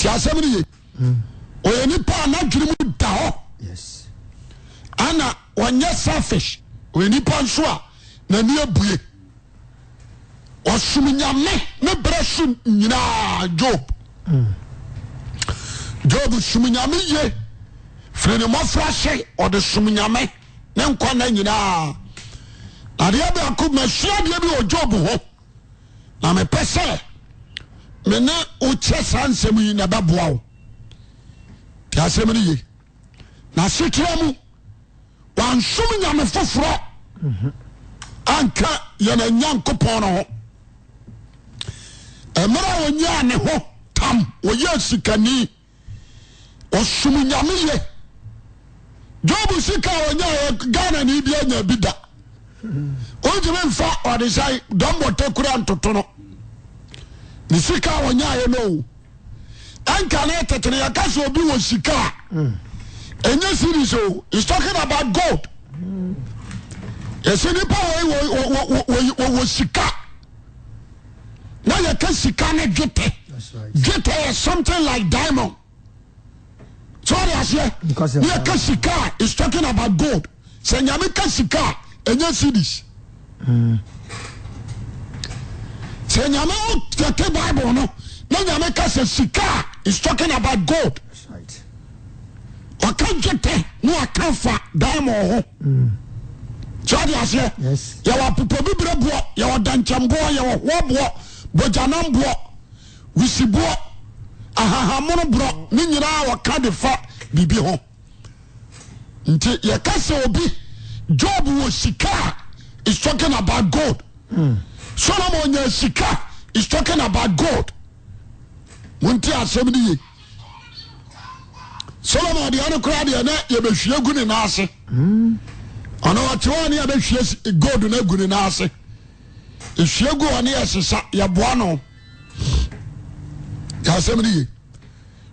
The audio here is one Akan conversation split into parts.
ntiasɛm ne ye ɔɛ mm. nipa anadwenemu da hɔ ana ɔnyɛ safish ɔyɛ nipa nso a naniabue ɔsom nyame ne brɛ so nyinaa djob djob mm. som nyame ye firɛnemɔfra hye ɔde som yame ne nkwananyinaa adeɛbak masura dia bi wɔ djob honamepɛ sɛ mene okyɛ saa nsɛm yi na bɛboa o ti asɛmi re ye na sekera mu wansom yame foforɔ anka yɛnaya nkopɔn n ho merɛ onyaane ho tam ɔyɛ sikani ɔsom nyame ye job sikaa yagnbianya bida ontimifa desi dmbɔtakura ntoto no ne sika a wɔnyaayɛ no o ɛnka ne tete no yɛka sɛ obi wɔ sika ɛnyɛ series o is talking about gold yɛsɛ nipa wɔwɔ sika na yɛka sika ne dwetɛ dwetɛ is something like diamond sɔɔde aseɛ ne yɛka sika is talking about gold sɛ nyame ka sika a ɛnyɛ series. Mm. sɛ nyame wotwɛte bible no ne nyame ka sɛ sikaa is tain abou gold ɔka gwetɛ mm. ne ka fa dam ho kyɛde asɛ yɛwapopobibreboɔ yɛwdankyɛmoɔɛwhobo bganamboɔ wisiboɔ ahahamonoborɔ ne nyinaaka de fa birbi ho nti yɛka sɛ obi djob wɔ sikaa is talking about gold mm. solomon nya sika is talkin about god ont asɛmde ye solomn de e no koradeɛ ne yɛbɛe gu nenase ɔntane abɛe gdng nnse ɛe g neyɛ sesaɛa n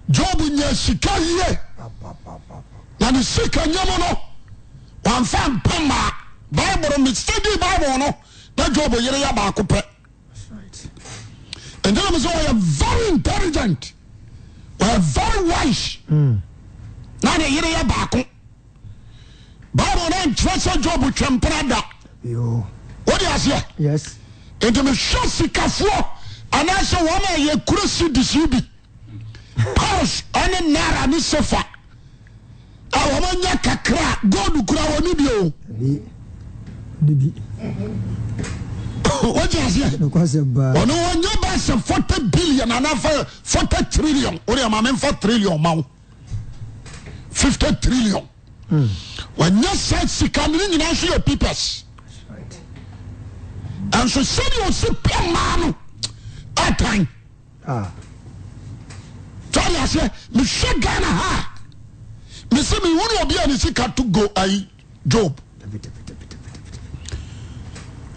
job nya sika ye nane sekayamu no mfa mpamaa bible mesedi bible no na job yere yɛ baako pɛ ntemem sɛ yɛ very intelrigent y very wise nane yere yɛ baako bible nentyemɛ sɛ job twampra da wodiaseɛ nti meswɛ sikafoɔ anasɛ omayɛ kurosi disie bi pas ane nara ne sofa aomnya kakra god kora wamedio dibi wọ́n aseɛ ɔno ɔnyɛ bá sɛ forty billion and anafɛ forty trillion o de ɛma mi fɔ trillion ma wo fifty trillion hmm. wɔnyɛ sɛ sika ne nyinaa nso yɛ pipɛs nso sɛdeɛ osi pɛ maa no ɛtan ah. tɔɔri aseɛ mehwɛ ghana ha mesi mi wuli obi a ne sika to go ayi job. David, David.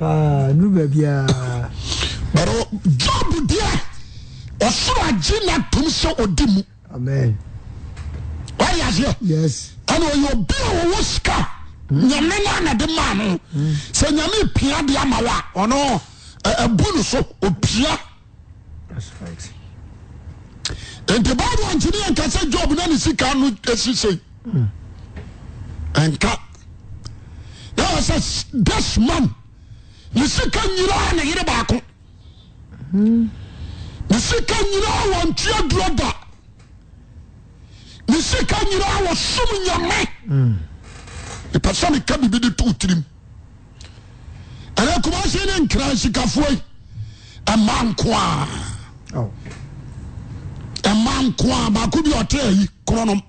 Ah, nu baabiaa bɛrɛ job deɛ ɔsoro agye na tom sɛ ɔdi mu amen wayɛ aseɛ yes ɛna ɔyɛ obi a wɔwɔ sika nyame no ana de maa no hmm. sɛ nyame pia de ama wo ɔno ɛbu no so ɔpia nti bible ankyene yɛnka sɛ job na ne sika no asi sei ɛnka hmm. na wɔ sɛ this man me sika yinaa ne yere baako me sika yinaa wo ntua dua da me sika yina wo som yame ipɛ same ka bibi de to otirim ane akomase ne nkra sikafuyi ɛma nkoa ɛma nkoa baako bi ɔte mm. yi koronom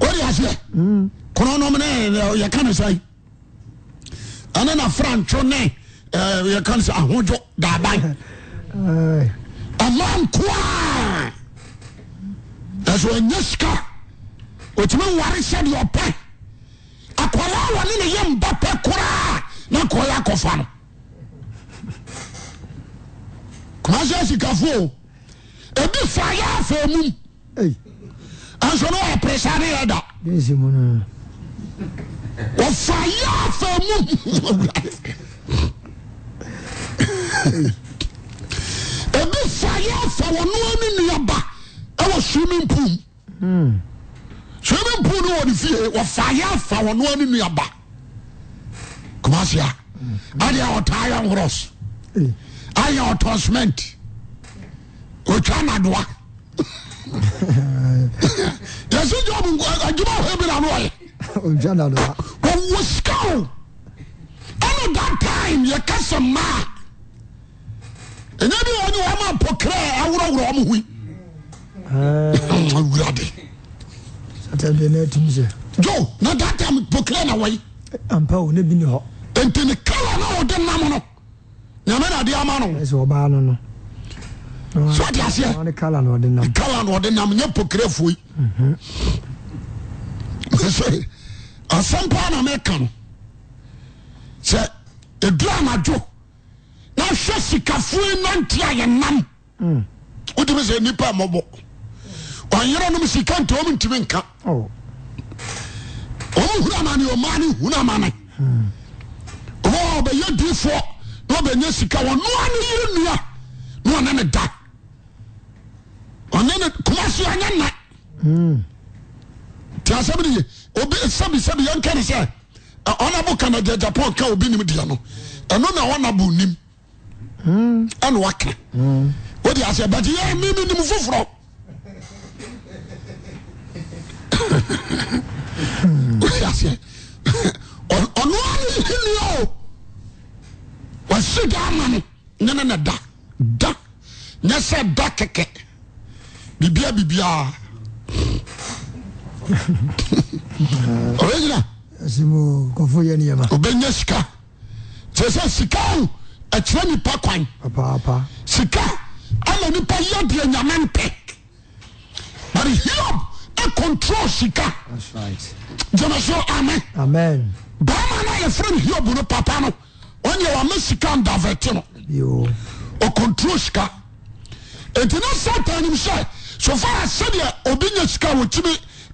wede asɛ koonom ne yɛkane sai anana fra ntwo ne yɛkon sɛ ahojo da ban amankɔa na sɛ ɔnya sika ɔtimi nware sɛdeɛ ɔpɛ akɔla wɔne ne yɛ mba pɛ koraa na akɔyɛ akɔfa no kumasɛ sikafo ɛdi fa yɛa faamum anso no ɛapresa re yɛda wɔfa yɛ afa mu ebi fa yɛ afa wɔn ani nnuaba ɛwɔ swimming pool hmm. swimming pool ni wɔn fie wɔfa yɛ afa wɔn ani nnuaba kɔmasia adi a ɔtɔ iron horse ayɛ ɔtɔ cement ɔtwa nadoa yɛsi jɔn mu adwuma hɔ ebi na no ɔyɛ. wo skao ano that time yɛkasɛ ma ɛye biyewama pokre aworowor mhiwradeo na tha time pokre nawei nt ne kale no ode nam no yamenaade ama nsoteasɛnkale nde nam nyɛ pokre foi sɛ asampa nameɛka no sɛ ɛdiaanajo na nhwɛ sikafoinanti ayɛ nam wotimi sɛ nipa mɔbɔ ɔyerenom sika nti ome ntimi nka ɔme huramaneɔmane hura mane bɛyɛ difoɔ ne ɔbɛnya sika onoa ne yere nua ne ɔne ne da nn koma si yɛna tasɛm hmm. hmm. hmm. ne ye o sɛbisɛbi yɛnkɛne sɛ ɔnabo kanajajapo ka obinim deɛ no ɛno na wanabo nim ɛne waka wode aseɛ bute yɛ mimenim foforɔ wodiaseɛ ɔnoa no heni o wasega ama no nenene da da yɛ sɛ da kɛkɛ bibia birbiaa oeyinasoeye sika dese sikao adera nipa kan sika amanipa yep nyamenpe but hiob e control sika eme so ameamen bama nfre hiob no papano wme sikadaeteno control sika ntnesapanim se sofare sed obe nya sikaotime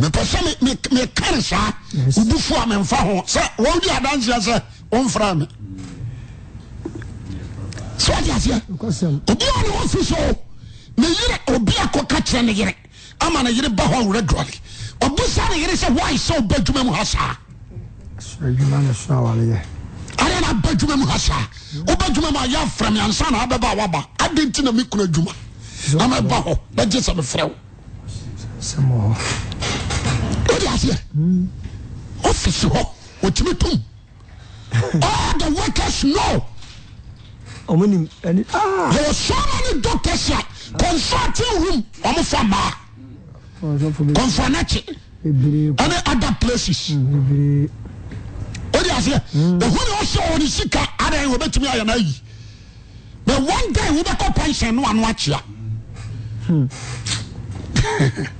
mepɛ sɛ mekare saa wobufo a memfa ho sɛ wɔwodi adanseɛ sɛ wɔmfra me sɛ wode aseɛ obi a ne wɔfi so ne yere obi akɔka kyerɛ ne yere ama ne yere ba hɔ awerɛ dɔre ɔbu sa ne yere sɛ wae sɛ woba adwuma mu ha saa ade na aba adwuma mu ha saa woba adwuma mu a yɛ afrɛ me ansa na abɛba a waba ade nti na mekuna adwuma na mɛba hɔ bɛgye sɛ mefrɛ wo di aseɛ ọ́fíìsì hɔ òtúmi tum all the workers know. ọmọ ni ẹni. Ah. there were so many doctors here consulting room ọmọ fa maa kɔnfɔnɛkye ɛne other places wọ́n aseɛ ɛhun ni ɔsɛ wɔn sika adan wɔbɛtumi ayɛ n'ayi but one day wɔbɛkɔ pension no ano akyea. Hmm.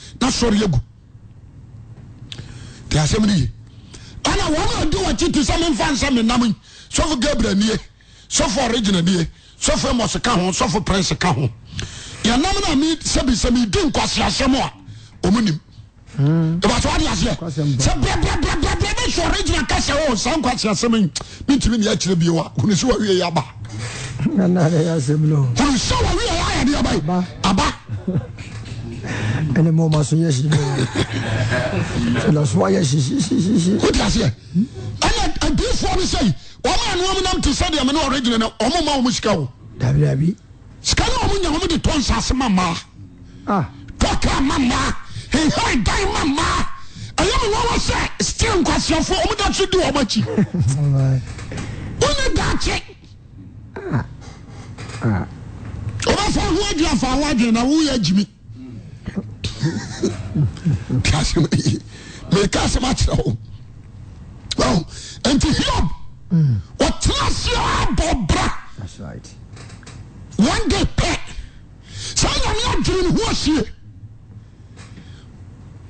na sɔre egu te asɛm ni yi ɛna wɔn a di wɔkyi ti sɛ mefa nsa mi nam yi sɔfo gabriel nie sɔfo original nie sɔfo amos ka ho sɔfo prince ka ho yɛnam na mi sɛbi sɛ mi di nkwasi asɛm a ɔmo nim ìbàtí wà á di aseɛ sɛ brɛbrɛbrɛbrɛ bɛ sɔ original kasa o san kwasi asɛm yi mi ntumi ni ɛkyerɛ bi wa kunu si wa wiye yaba kunu si wa wiye yaba yɛ di yaba yi aba. ɛne ma ɔma so yɛ hyi lasoa yɛ hyehyehyehyehye wodaseɛ ɛna adiifoɔ no sɛi ɔma anoa mu nam te sɛdeɛ me ne ɔregyina no ɔmo ma wo mu sika wo dabidabi sika ne ɔmo nya wo mede tɔ nsase ma mmaa tɔka ma mmaa hehae dan ma mmaa ɛyɛ me wɔwɔ sɛ still nkwaseafoɔ ɔmo da so di wɔ makyi wone daakye ɔbɛfa ho adwe afa ho adwe na woyɛ agyimi isɛme meka sɛm akyerɛ o nti ho ɔtera seɛababra oneday pɛ saa nyame adwereno hoasie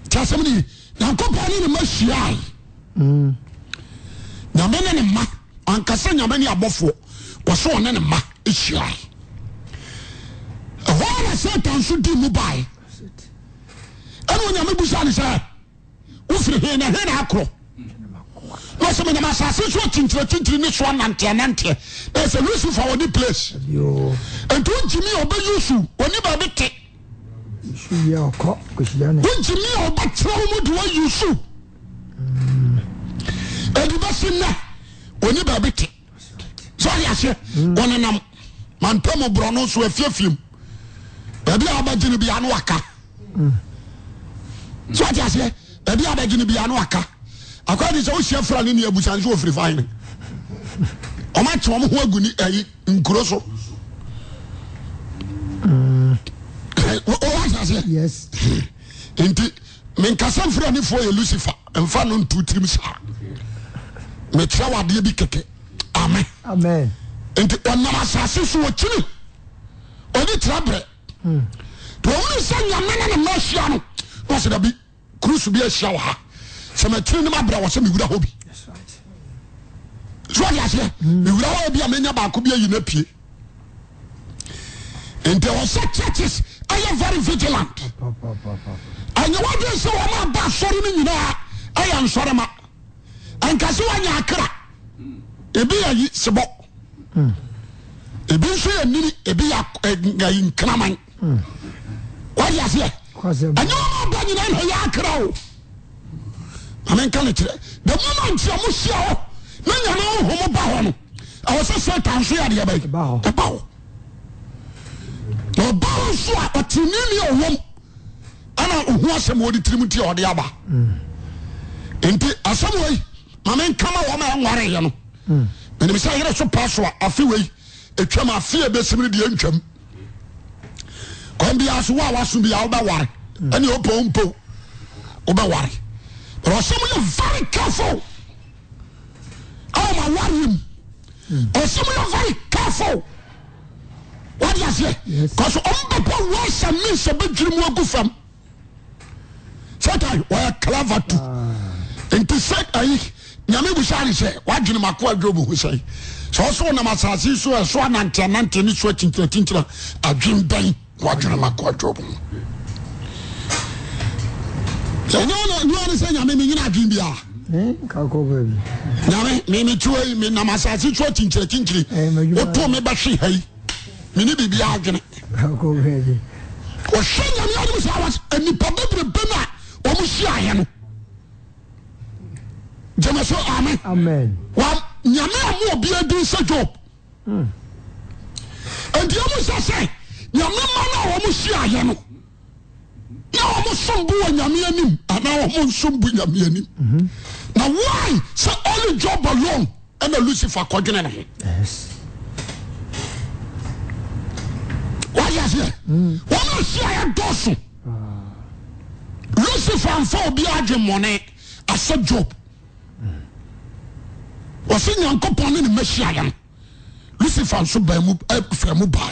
tiasɛmde yankopɔ ne nema siai yamane ne ma ankasɛ nyamne abɔfoɔ kosɛone nema asia ɛwna setanso di mu bai ɛne onyame busa ne sɛ wofiri he na he na akorɔ na sɛ menyam asase so akyinkyirɛkyinkiri ne soa nanteɛnanteɛ na sɛ yesu fa wɔne place ɛnti wontimi a ɔbɛyɛ su ɔne baabi te wontimi a ɔbɛkyerɛ wo mu de woayi mm. su adibɛsi nɛ ɔne baabi te sɛ ɔde aseɛ mm. ɔnenam mantamu borɔ no so afiafiem baabi a wobɛgyene bia ne waka mm so ati aseɛ ebi abɛgyini bi ano aka akwadi sɛ osia fura ne ni ebusa nso ofiri fain ne ɔmo akyɛ ɔmo ho agu ni ɛyi nkuro so ɔwɔ ati aseɛ nti minkasa nfura ne fo yɛ lucifer nfa no ntu tirim saa mekyerɛ wadeɛ bi kɛkɛ amen nti ɔnam asase so wɔ kyini ɔne tira brɛ to ɔmo nsa nyame na ne mma ahyia no ɔsɛ dabi kurusu bi ahyia wɔ ha sɛ matiri ne ma abira wɔ sɛ mewura hɔ bi so ɔde aseɛ mewura hɔ bi a menya baako bi ayi na pie nti ɔsɛ churches ɛyɛ very vigilant anyawadwe sɛ wɔn aba asɔre no nyinaa ɛyɛ nsɔrema ankasi wanya akra ebi yɛ yi sebɔ ebi nso yɛ nini ebi yɛ nkiraman wɔde aseɛ. anyɛoma ba nyina nyɛ krao amenka ne kyerɛ muma ntam siao e yane hom ba hɔ no ɛwsɛ sɛtansoɛdeba ɔba so a ɔtenimiɔwoan oho asɛmne tirim ti ɔdeb nti asɛmei mamenkamam ɛwareɛ no mm. nimsɛ yere so pa soa afeei twam afeɛ bɛsimiro deɛntwam kwan bia so wo a waso bia wobɛware ɛne ɔpo mpo wobɛware but ɔsɛm yɛ very careful awoma ware mu ɔsɛm yɛ very careful wade aseɛ cause ɔmbɛpɔ wɔsɛ me sɛ bɛdwiri mu agu fam sɛtae wɔyɛ clava tu ah. nti sɛ ayi nyame busa ne sɛ woadwene mako adwobo ho sɛi sɛ ɔsɛ wonam asase so ɛso ananteanante ne so atintiratintira adwen bɛn wadwene eh, ma kɔ adwob ho sɛnyɛne sɛ nyame menyina adwen bia nyame memetewa yi menam asase so akyinkyirakyinkyiri woto me bɛhwe ha yi mene biribia adwene ɔhwɛ nyame adom saa wa nipa bebrebe no a ɔmo hyiaeɛ no gyeme so amen nyame a mo obia din sɛ dwob enti ɔmo sɛ sɛ nyamema no a wɔ mo si ayɛ no na wɔ mo som bo wɔ nyame anim anaa wɔ mo nsom nyame anim na why sɛ only job alone ɛna lucifer kɔdwene ne ho wayɛ seɛ wɔn a si ayɛ dɔɔso lucifer nfa obi adwe mmɔne asɛ job wɔsi nyankopɔn ne ne mɛhyia yɛn lucifer nso bɛn mu ɛfɛ eh, mu baa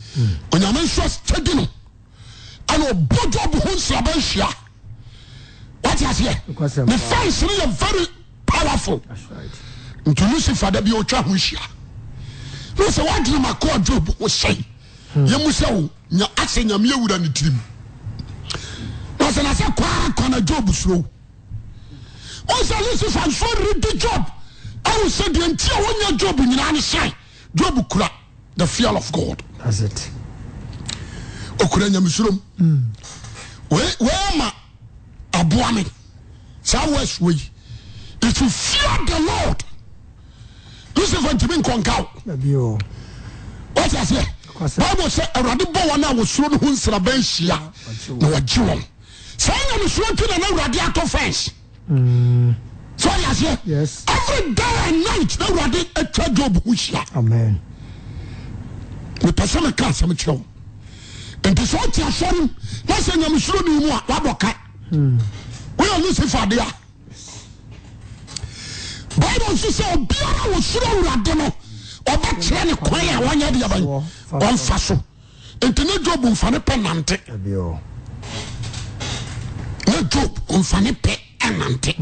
ɔnyame nsua kadi no ana ɔbɔ hmm. job ho sraba nhia sɛɛvr poweflsɛ kr kana job suro sɛ lucisa nsua rd job sɛdetiaya job yinan s job kra the fear of god ɔkura nyamesurom hmm. wɛ ma aboa me saa woasua yi f fea the lord osifa timi nknkaw asɛ bible sɛ awurade banawɔsoro no ho nsrabansyiana gye wɔn sɛ nyasoro ntwnanwre a frinsɛɛvey day an night na wurade twa jobo ho hyia mepɛ sɛ meka asɛm kyerɛ wo nti sɛ wote asɔre na sɛ nyamesuro ne mu a woabɔ ka woyɛ ne sɛ a bible nso sɛ obiara wɔsuro awurade no ɔbɛkyerɛ ne kwan a wɔnyɛ deɛ bɛn ɔmfa so nti ne job mfa ne pɛ nante ne job mfa ne pɛ ɛnante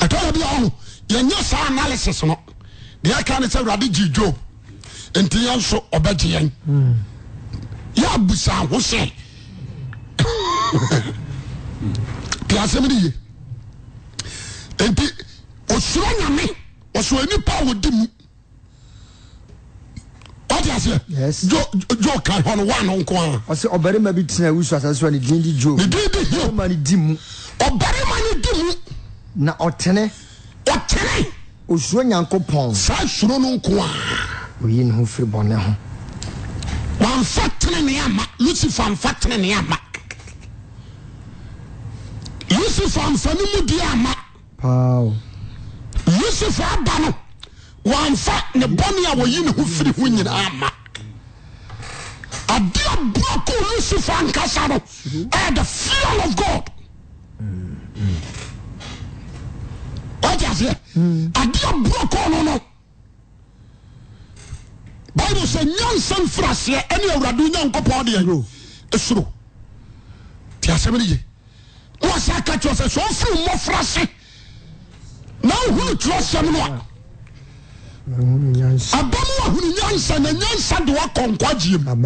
ɛtɔyɛ bi a yɛnyɛ saa analysis no deɛ ɛka ne sɛ awurade gye job nti yɛn nso ɔbɛgye yɛn yɛ abusa ahosɛ te asɛm no ye nti osuro nyame ɔsoro nipa a wɔdi mu wate aseɛ jo ka hɔ no waa no nko a ɔsɛ ɔbarima bi tena wusu asase so a ne din di jo ne din di mu ɔbarima ne di mu na ɔtene ɔtene osuro nyankopɔn saa suro no nko a omnef ma usf mfan mudiɛama usif aba no amfa ne bɔne aɔyi ne ho firi ho yinamaerfaaath efgɛ bible sɛ nyansa mfira seɛ newrade nyankɔpɔdɛɛɛfroɔfrase nahuoterɛ sɛmno a aba m ahununyasanayasa de wakɔnkɔ gam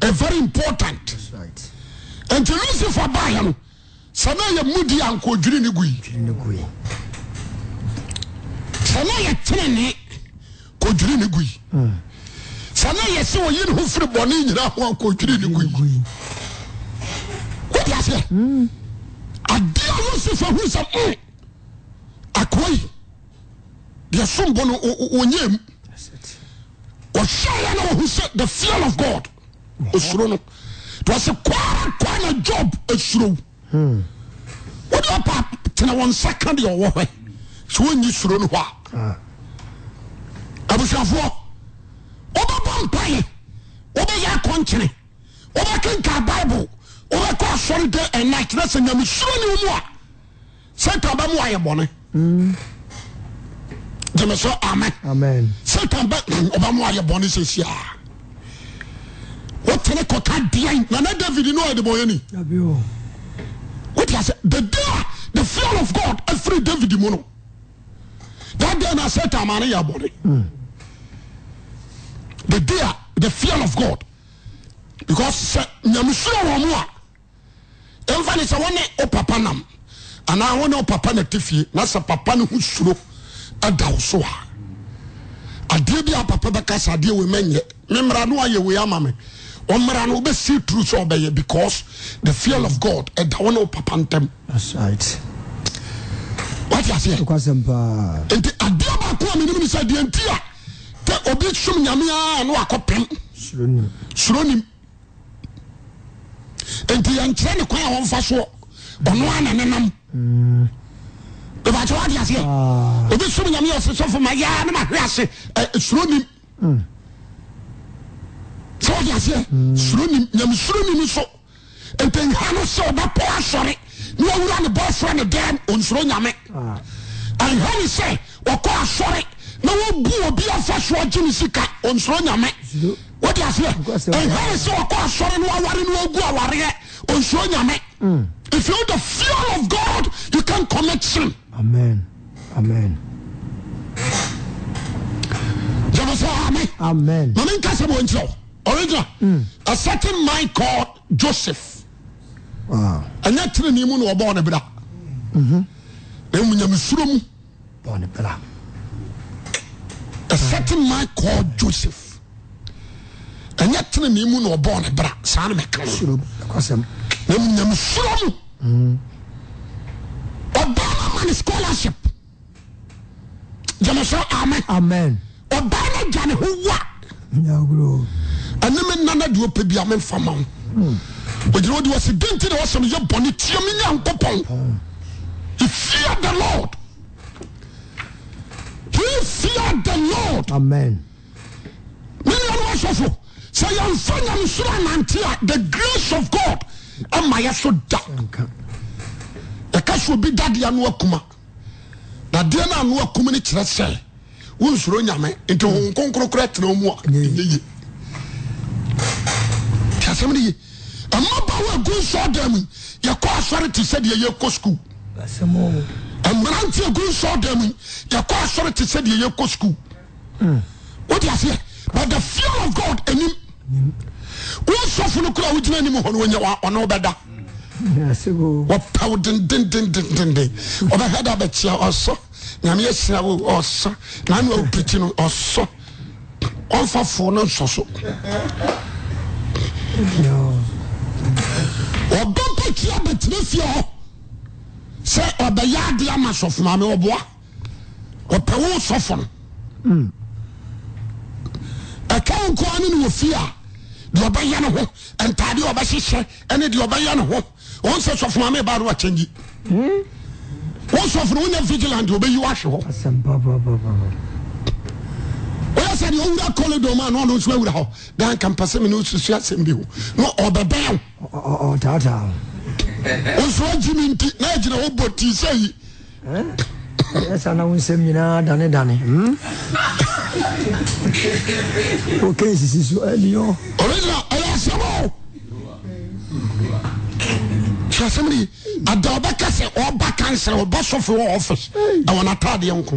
asɛmnoɛuroaovrporant nsifa baɛo saneyɛmudi ankɔdwrine g sane yɛ kyerene kɔdwrine gi saneyɛse ɔyine ho firi bɔnenyinahankɔdwrine g wodiaseɛ hmm. adeɛ osesɛ hu sɛ hmm. akoyi deɛsonbɔno ɔnyam ɔhyɛɛna ɔhu sɛ the fiel of god ɔsuro no twas kwara kana job asuro wode ɔpa tena wɔ nsa ka deɛ ɔwɔ hɔ sɛ wonyi suro no hɔ a abusuafoɔ wobɛbɔ mpae wobɛyɛ akɔnkyene wobɛkenka bible wobɛkɔ asɔre de ɛnight na sɛ nyamesuro ne wo mu a satan bɛmu ayɛ bɔne gyeme so amen satan ɔbɛmu ayɛ bɔne sɛsiaa wotene kɔka deɛn nana david ne ɔyɛde bɔyɛni favi te feel of god becauses yasue ma m sɛ wone papa nam anwone papa ne tefie nasɛ papa ne ho suro adaosoa adeɛ biapapa bɛkasa adeɛ we menyɛ memaraneayɛwe amame a nwoɛsee tr sɛɛɛ because the feal of god daonepanɛnnɛdni obe so a na pem suroni ntiyɛnkyerɛ ne kwan fa so ɔnnaɛ sfoma nmhese suronim wdsɛsuronim s nw eni s a fthe mm. fe of god you an omit sn ta sertain mint call joseph nytnmna sertan min call joseph ye terenemu nbne brasnkyam suromu obanamane scholarship yameso amenaen obano jane howa ɛne me nana deɛ ɔpɛ bia memfa ma wo ogyina wode wɔsi de nti na wɔsɛ no yɛ bɔne tia me nyankopɔn you fear the lord you fear the lord amen me nuano asɔfo sɛ yɛmfa nyamesoro anante a the grace of god ama yɛ so da yɛka sɛ obi dadeɛ no akuma na deɛ no ano akuma no kyerɛ sɛ wonsuro nyame nti honkonkrokora tena mu a ɛnyɛ ye asɛm no ye ɛmabaawa agu nsɔɔ dan mu yɛkɔ asɔre te sɛ deɛ yɛkɔ sukuu mmerante agu nsɔɔ dan mu yɛkɔ asɔre te sɛ deɛ yɛkɔ sukuu hmm. wode aseɛ but the fear of god anim wonsɔfo no kora a wogyina anim hɔ no ɔnyɛ ɔne wobɛda wɔpɛ wo dendendendenden ɔbɛhɛ da bɛkyia ɔsɔ nyame yɛhyira wo ɔsɔ na ne wawopirikyi no ɔsɔ ɔmfa fo no nsɔ so ɔdɔ pɛtua bɛtena fie hɔ sɛ ɔbɛyɛ adeɛ ama sɔfo maame ɔboa ɔpɛ wo sɔfo no ɛka nkoa ne ne wɔ fie a deɛ ɔbɛyɛ ne ho ntadeɛ ɔbɛhyehyɛ ɛne deɛ ɔbɛyɛ ne ho wɔn sɛ sɔfo maame ba no wakyɛngyi wɔn sɔfo no wonya vigilant ɔbɛyi wahwe hɔ wọ́n sẹ́ni owura kọ́lẹ́dọ̀ máa náà lóṣù ewura hɔ bẹ́ẹ̀ nka mpasẹ́ mi ní oṣooṣù asẹ́m bi ho ní ọ̀bẹ bẹ́ẹ̀ o. ọ̀tàtà. oṣù ọjì mi nti náà gyina ó bọ̀ tì í sẹ́ yìí. ẹ sá náà wọn sẹ́mi nyinaa dání dání. o kẹ́ sisi so ẹ ní yọ. ọ̀rẹ́dìrà ẹ yà sẹ́wọ́ o. tí a sẹ́mi nìyí àdá ọbẹ̀ kẹsẹ̀ ọba kansẹ̀ ọba sọ̀fọ̀ wọ ọ́fíìsì àwọn ataadeɛ nko.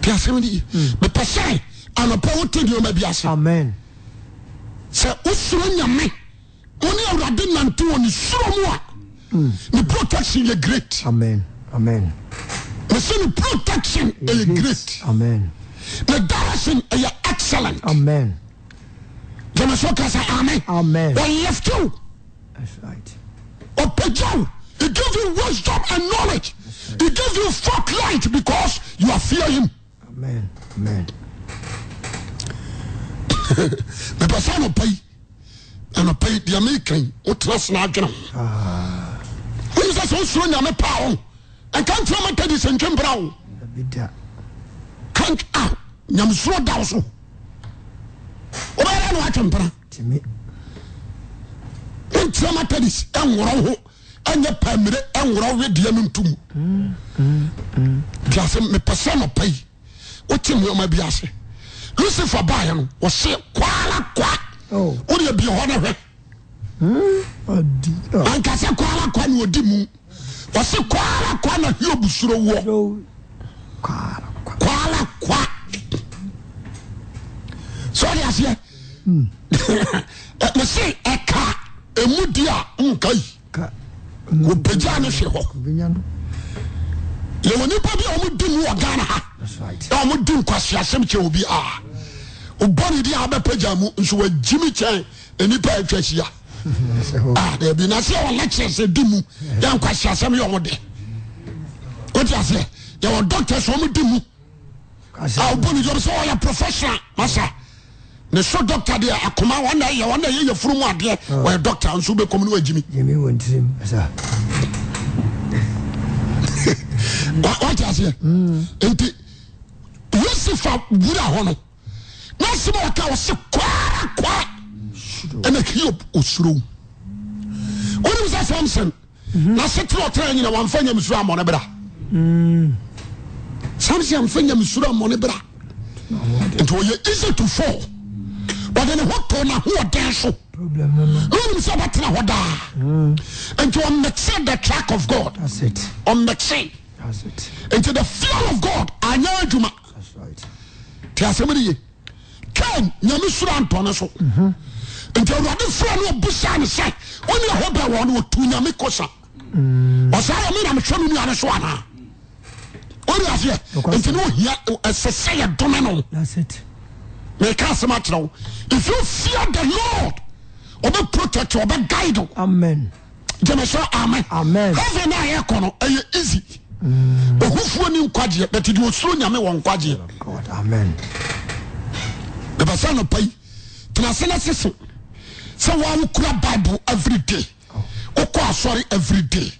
te asɛm ne yie mepɛ sɛ anɔpa wote nneɔma bi ase sɛ wosoro nyame wone awurade nante wɔ ne suro mu a hmm. ne protection yɛ great Amen. mesɛ ne protection ɛyɛ great Amen. ne direction ɛyɛ excellent gyama sɛ ka sɛ amen Amen. ɔlift wo ɔpagya wo He gives you wisdom and knowledge. He gives you fork light because you are fear him. epese no pai npi dmeke oterasen ere ssero ame paotatedis ntbraoyae soro daso oe ntpra tratedi wrpaierepes np otmoma biase usifa bae no wose kwara kwa oh. wode bi hɔ ne hwɛ hmm, oh. ankasɛ kwara kwa na ɔdi mu ɔse kwarakwa na hiobu suro wɔ kwarakwa sɛode aseɛ hmm. me se ɛka ɛmudi a wonka yi wɔbagya no hwe hɔ yeo nipabiome demu ogana de kassem bndpa amu i ke ni ts mhm. nti wosi fa ura hn nesmse kwaka nhisr ssasonyors yasoryɛ eas to fall bunhnhodenso n sɛ baterahdns mm. the tac of g That's it. Into the fear of God. Anya adwuma. That's right. Ti asem ni ye. Ken nyame sura ntɔne Into mm-hmm. Nti awurade fura ne ɔbusa ne sɛ wɔn yɛ hɔ bɛ wɔn no wɔtu nyame kosa. Mm. Ɔsa yɛ mi na mi hwɛ mi nua ne so ana. Ori aseɛ. Nti Into ohia ɛsɛsɛ yɛ dɔmɛ no. That's it. Mɛka asem akyerɛ wo. If you fear the Lord, ɔbɛ protect you, ɔbɛ guide you. Amen. Jẹ́mi amen. Amen. Heaven náà yẹ kọ̀ no, ẹ easy. ɛhufuo mm. ne nkwagyeɛ bɛte deɛ ɔsuro nyame wɔ nkwagyeɛ bɛbɛ sɛ no pai tenase no sese sɛ woa wokura bible every everyday wokɔ oh. asɔre everyday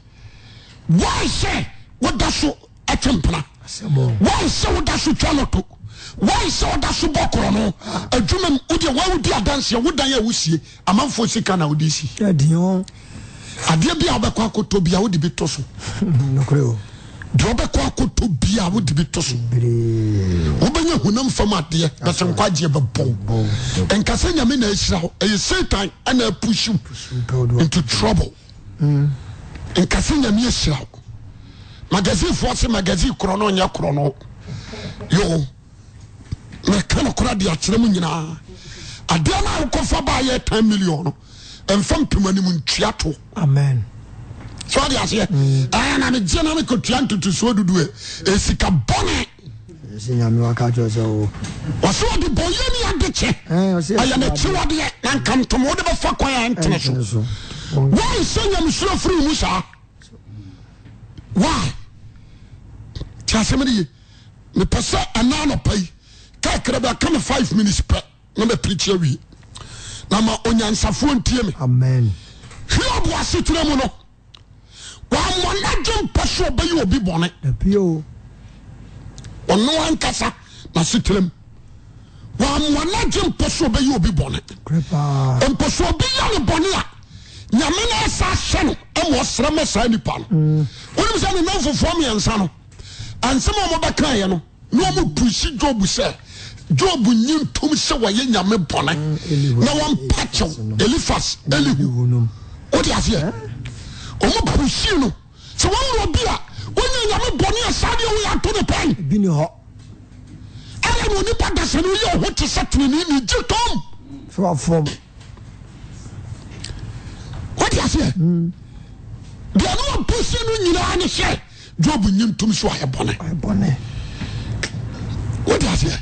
woahyɛ woda so atwempena woahyɛ woda so twa loto woahyɛ woda so bɔ korɔ no ah. adwuma m wodeɛ woawodi adanseɛ wodan a wosie amanfoɔ sika na wode si adeɛ bi a wobɛkɔ akɔtɔ bi a wode bi tɔ so d obɛkɔbiawodbi oo woɛya unfamɛsnb nkasɛ yamnira yɛsaan anaps into truble nkasɛ nyame hyira magasinfo se magasine kornyɛ rnkankrade kyerɛm yinaa e nfa bayɛ 10 million mfapn ntato sode bo yemiade keyene kiwod teef mo se yame suro fremu se meeese n kekme fie mins obasetira muno mma gye mpa so ɔbɛyɛ obi bɔne ɔno ankasa nasetirem wɔamoa no gye mpa so ɔbɛyɛ obi bɔne mpa so obi yɛ no bɔne a nyame no asa hyɛ no ma ɔsrɛ ma saa nipa no mm. wonim sɛ ne namfofoɔ mmiɛnsa no ansɛm a ɔmɔbɛkaeɛ no na ɔmo pusi job sɛ job nyi ntom sɛ wɔyɛ nyame bɔne mm, na wɔmpakyew elifas elihu wode aseɛ ɔmo pusi no sɛ wowurɔ bi a wonya nyame bɔne a saa deɛ woyɛ ato ne pɛn bi ne hɔ ɛyɛ ne onipa da sɛ ne woyɛ ɔho te sɛ tenene ne gye tom sɛ wafom wode aseɛ hmm. deɛ ne waposi no nyinaa ne hyɛ job nyim tom so ayɛ bɔne wode aseɛ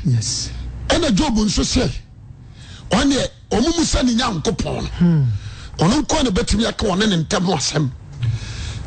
ɛna job nso sɛ ɔneɛ ɔmomu sɛ ne nyankopɔn no hmm. ɔno nkɔ ne bɛtumi ɛka ɔne ne ntam ho asɛm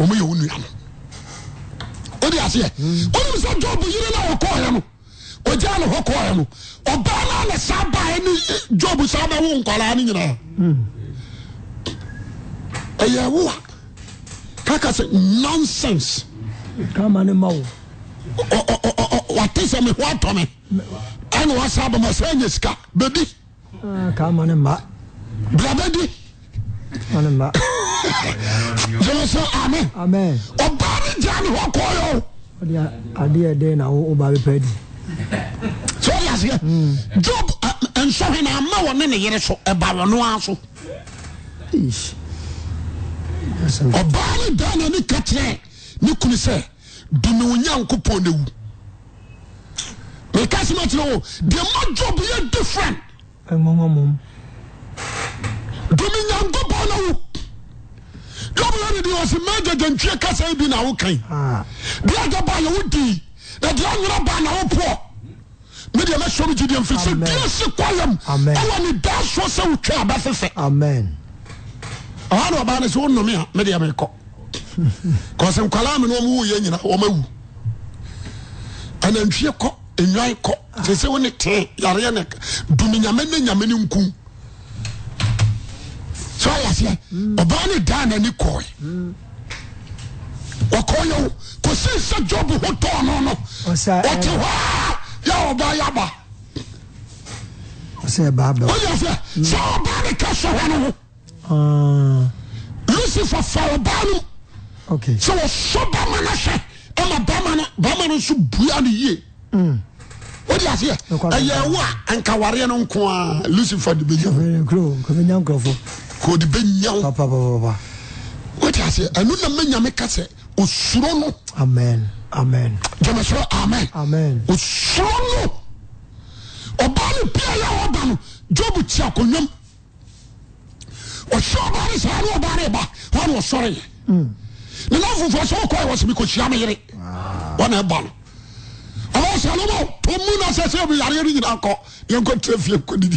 ɔmo yɛ hmm. wo nua no wode aseɛ wonim sɛ job yere no wɔkɔɔɛ no ɔgya no hɔ kɔɔɛ no ɔbaa no ana saa baɛ ne job saa bɛwo nkwaraa no nyinaa hmm. ɛyɛ woa kaka sɛ nonsense kama ne ma wo wate sɛ me ho atɔ me ɛne wasa bama sɛ anya sika bɛdi ah, kama ne ma bra bɛdi jẹmẹ sẹ amen ọba ni jẹ ni wọn kọ yọ. ọdí adé ẹdẹ na ọba bẹ pẹ di. sọ yà sí ẹ job nsọhìn náà ama wọn ní ne yẹrẹ so ẹ ba wọn nù aso. ọba ni dáná ni kẹtìrẹ ni kunu sẹ dunu nyankopɔ ne wu mẹ kásìmọ̀ tìrẹ o diẹ mọ job yẹ different. ẹ mọ mọ mọ. ds majante kasebwk oderano meds idsesenaso seotefen kaewne k yamnyamne nk so ayɛseɛ ɔbaa ne Dan n'ani kɔɔe wɔkɔɔyɛ wo kɔsi sɛ job ho tɔɔ no no ɔte hɔ a yɛ ɔbaa yɛba woyɛ sɛ sɛ ɔbaa ne ka sɔ hɔ no ho lucifer fa ɔbaa no sɛ wɔsɔ bama no hwɛ ɛma bama no nso bua no yie wọ́n di aseɛ ɛyɛ wo a nkawareɛ no nko a lucifer de bɛ yi. kde beyao wese nnama yame kase suro n eesmsuro no ban piaban job tia koo se resebsre nff yeey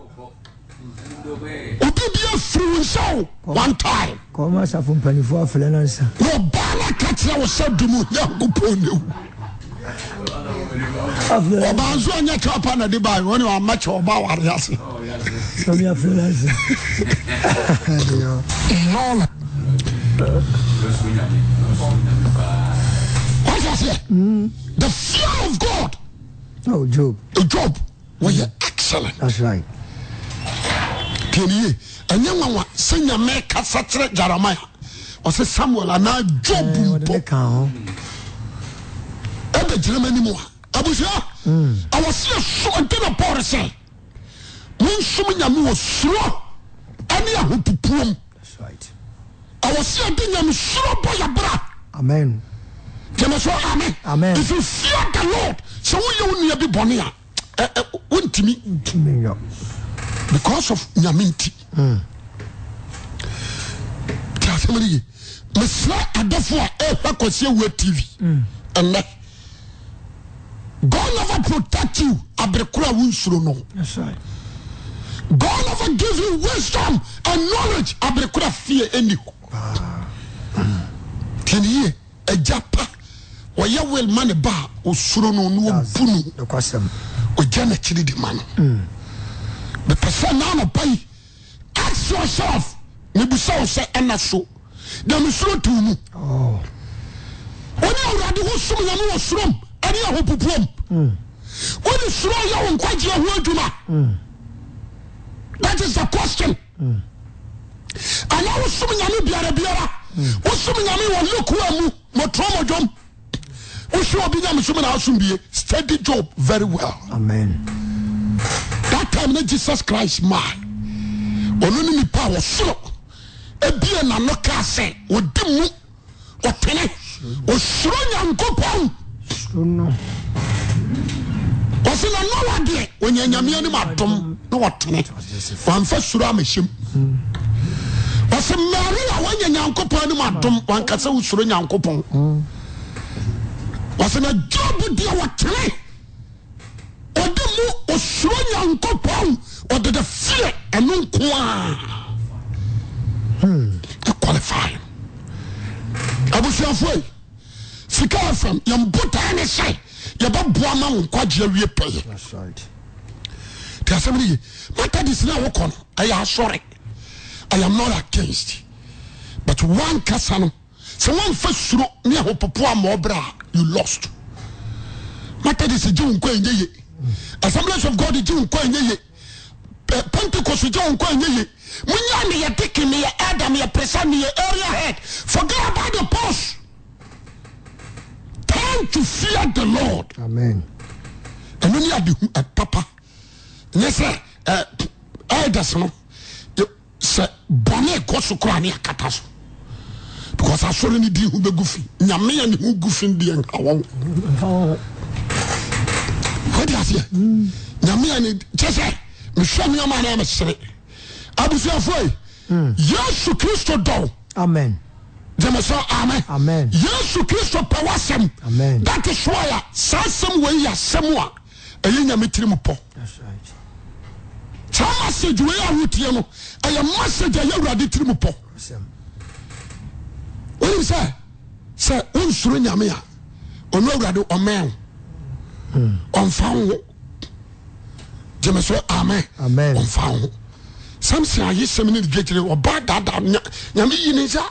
obi bi afiri nsaw one time. kọ́mọ asafo mpanyinfo afẹlẹ náà nsa. wọ́n bá ala kàtìrẹ́ wọ́n sẹ́ dumu yankun pọ́nẹ́wò. ọba nso ọnyẹ kápá nàdí báyìí wọn ni wọn amẹ ọba awari ase. sọmi afẹlẹ nsa. the fear of God. oh Job. Job wọ́n are excellent. that's right. ny yewawa sɛ yame kasa kerɛ jeremia ose samuel anaa jobumpo eh, begiramanima bwnrese hmm. mensom yamew suro neahopupuom wse yame suro byabra mesyaessa de lord se woyeo nua bi bnea wontimi im because of nyaminti. nti nti asɛm hmm. no ye mesrɛ adɔfo a ɛhwɛ kɔseɛ wua tv ɛnɛ god never protect you aberekoro a wonsuro no god never give you wisdom and knowledge aberekoro a fie ɛni hɔ ah. tiɛne yie agya pa wɔyɛ will ma ba a ɔsuro no ne wɔbu no na n'akyiri de ma no mm. mepɛ sɛ naanɔpa yi ask yourself mebusa wo sɛ ɛna so da mesuro to mu ɔne oh. awurade ho som nyame wɔ sorom ɛne ɛhɔ pupuom hmm. wone suro yɛ wo nkwagyeɛ ho adwuma hmm. that is the question hmm. anaa wosom nyame biara biara wosom nyame wɔ lokoa mu mɔtorɔmɔdwom wohwɛ obi nyamesom na asom bie steady job very well amen mne jesus christ ma ɔno nonipa a wɔsoro bie nanɔ ka sɛ ɔdi mu ɔtene ɔsuro nyankopɔn ɔsnanɔwa deɛ ɔnya nyame nim adom ne ɔtee wmfa suro amahyɛm ɔsmaria wyɛ nyankopɔ nm a wnkasɛ wosuro nyankpɔ sna job deɛ ɔsuro yankopa ɔdeda fiɛ ɛnonkoaify hmm. sfikaaɛ ɛba ma onkɔei pɛ no ɛɔre nasdapp assemblage ofgodne pentecs gnɛe yamyɛke myɛ adamyɛ presa myɛ ea hea fog abe pos anw fear the lord ɛnodhpapa ɛ eldes osɛ bɔnekɔsokoranekata so because asɔre no di ho bɛg fi yaeane hogu fin deɛ nhaw s nyame ani kyesɛ meswɛ neama nmesere abusafoe hmm. yesu kristo don demes am yesu kristo pɛwo sem tatis wya saa sɛm wiy sɛm a ɛyɛyame tirimu pɔ sa massage ihotiɛ no ɛyɛ masage yɛ wrade tirimu pɔ oym sɛ sɛ wonsuro nyame a ɔnu wurade ɔmeo ɔmfa wo gyeme amen ɔmfa wo samson ayi sɛm ne dwakyire ɔba daadaa nyame yi ne nsa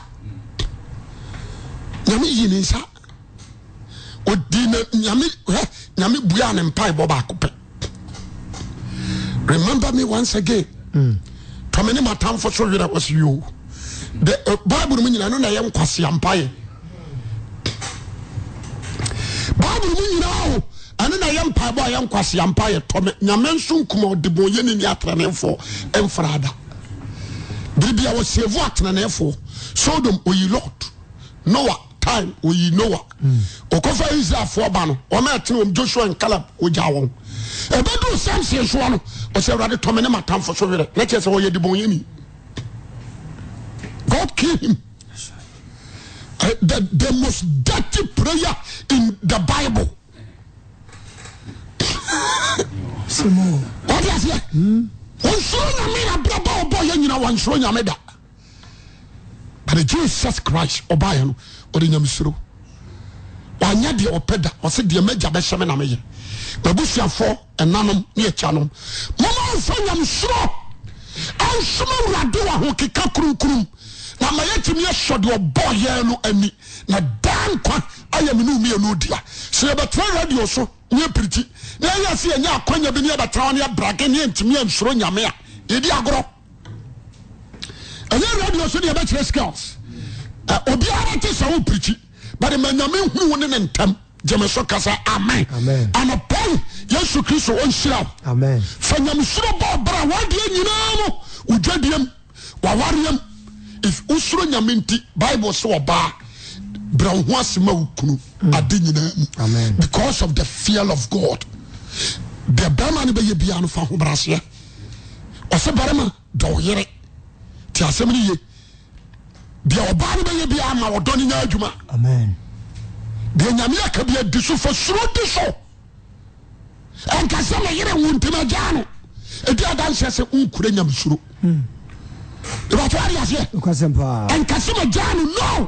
nyame yi ne nsa odi na nyame nyame bua ne mpa ɛbɔ baako pɛ remember me once again mm. tɔmɛ ne ma tanfo so werɛ wɔsi yi o de uh, eh, baabulu mu nyinaa no na yɛ nkwasi ampa yɛ baabulu mu nyinaa o. ɛne na yɛ mpa bɔ a yɛ nkwase mpa yɛ tɔme nyame nso nkuma ɔde bɔ yɛ ne ni atenanefoɔ ɛmfrada biribi a wɔsievu atenanefoɔ sodom oyi lord noah time oyi noah hmm. ɔkɔfa israelfoɔ ba no wɔma ɛtene wɔm joshua and caleb ɔgya wɔn ɛbɛduru samson soa no ɔsɛ awurade tɔme ne matamfo so werɛ na kyerɛ sɛ wɔyɛ de bɔ ni god kill him uh, the, the most dirty prayer in the bible simo wọ́n di aseɛ hmm? nsoro nyame na abiraba ɔbɔ yɛ nyina wa nsoro nyame da but Jesus Christ ɔba yɛ no ɔde nyamesoro wanyɛ deɛ ɔpɛ da ɔsɛ deɛ mɛgya bɛhyɛ me na meyɛ babusuafo ɛnanom ne ɛkyanom mama nfa nyamesoro ansoma awurade wɔ ho keka kurumkurum na ma yɛtumi ɛsɔ deɛ ɔbɔ yɛ no ani na daa nkwa ayɛ me ne omienu dia sɛ yɛbɛtena radio so pitsro ya io ekerɛ skillsopuaeeo yes kristo ir asoyro yai bible e boho smwokn mm. ade yinaam because of the fear of god d bma n bɛyɛ bia no fa horseaseemaɛmaɔnyɛwma ɛ nyameyɛka bia di so fa surodi so nkasɛyeroasɛs asurɛɛn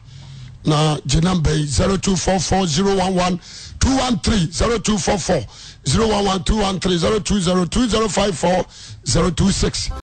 na gye namba yi 0244011213